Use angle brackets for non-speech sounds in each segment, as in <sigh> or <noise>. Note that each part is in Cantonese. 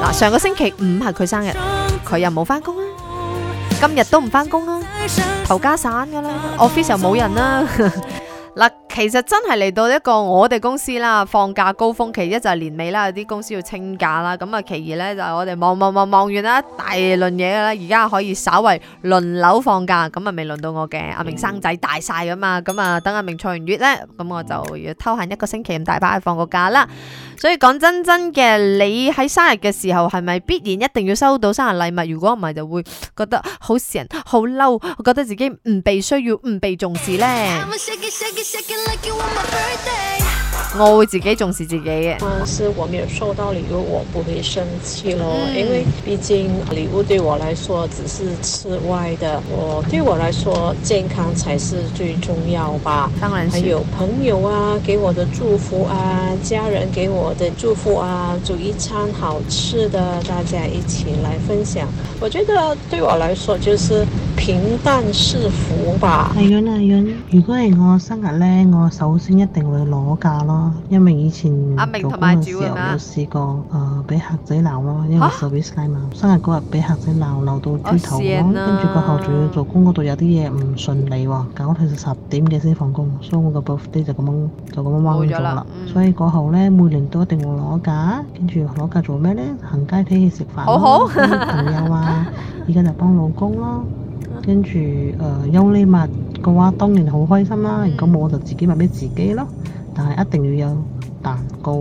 嗱，上個星期五係佢生日，佢又冇返工啦，今日都唔返工啊，頭家散㗎啦，office 又冇人啦。 <music> <music> 嗱，其實真係嚟到一個我哋公司啦，放假高峰期，其一就係年尾啦，有啲公司要清假啦，咁啊，其二咧就係、是、我哋忙忙忙忙完一大輪嘢噶啦，而家可以稍為輪流放假，咁啊未輪到我嘅阿明生仔大晒噶嘛，咁啊等阿明坐完月咧，咁我就要偷閒一個星期咁大把去放個假啦。所以講真真嘅，你喺生日嘅時候係咪必然一定要收到生日禮物？如果唔係，就會覺得好成。好嬲！我覺得自己唔被需要、唔被重視咧。I'm a shake it, shake it, shake it like you are my birthday. 我會自己重視自己嘅。但是我沒有收到禮物，我不會生氣咯、哦。嗯、因為畢竟禮物對我來說只是次外的，我對我來說健康才是最重要吧。當然，還有朋友啊，給我的祝福啊，家人給我的祝福啊，煮一餐好吃的，大家一起來分享。我覺得對我來說就是。平淡是福吧。啊啊啊啊、如果係我生日咧，我首先一定會攞假咯，因為以前做工嘅時候、啊、有試過誒，呃、被客仔鬧咯，因為 service 生日嗰日俾客仔鬧鬧到豬頭，跟住過後仲要做工嗰度有啲嘢唔順利喎，搞到十點嘅先放工，所以我嘅 buffer 就咁樣就咁樣彎咗啦。嗯、所以過後咧，每年都一定會攞假，跟住攞假做咩呢？行街睇戲食飯咯，陪好朋友啊，依家就幫老公咯。 <laughs> 跟住，誒，有禮物嘅話，當然好開心啦。如果冇，我就自己買俾自己咯。但係一定要有蛋糕，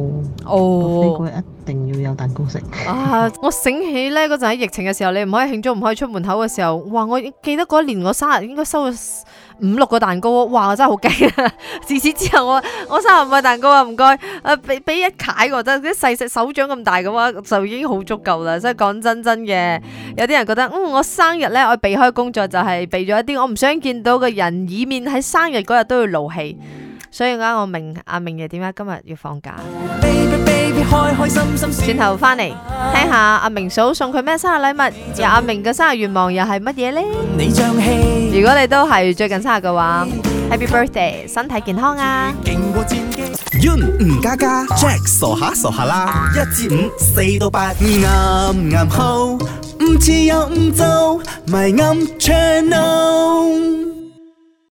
好啲嘅。一定要有蛋糕食 <laughs> 啊！我醒起呢，嗰陣喺疫情嘅時候，你唔可以慶祝，唔可以出門口嘅時候，哇！我記得嗰年我生日應該收咗五六個蛋糕，哇！我真係好驚啊！自 <laughs> 此之後我我生日唔係蛋糕啊，唔該，誒俾俾一契喎，即係啲細隻手掌咁大嘅話，就已經好足夠啦。真係講真真嘅，有啲人覺得嗯我生日呢，我避開工作就係、是、避咗一啲我唔想見到嘅人，以免喺生日嗰日都要勞氣。所以講我明阿明日點解今日要放假？Baby, Baby, 開開心心轉頭翻嚟聽下阿明嫂送佢咩生日禮物？又阿明嘅生日願望又係乜嘢咧？你漿如果你都係最近生日嘅話日，Happy Birthday，身體健康啊！Un 吳家家 Jack 傻下傻下，傻下啦！一至五，四到八，啱啱好，唔似又唔做，咪岩 channel。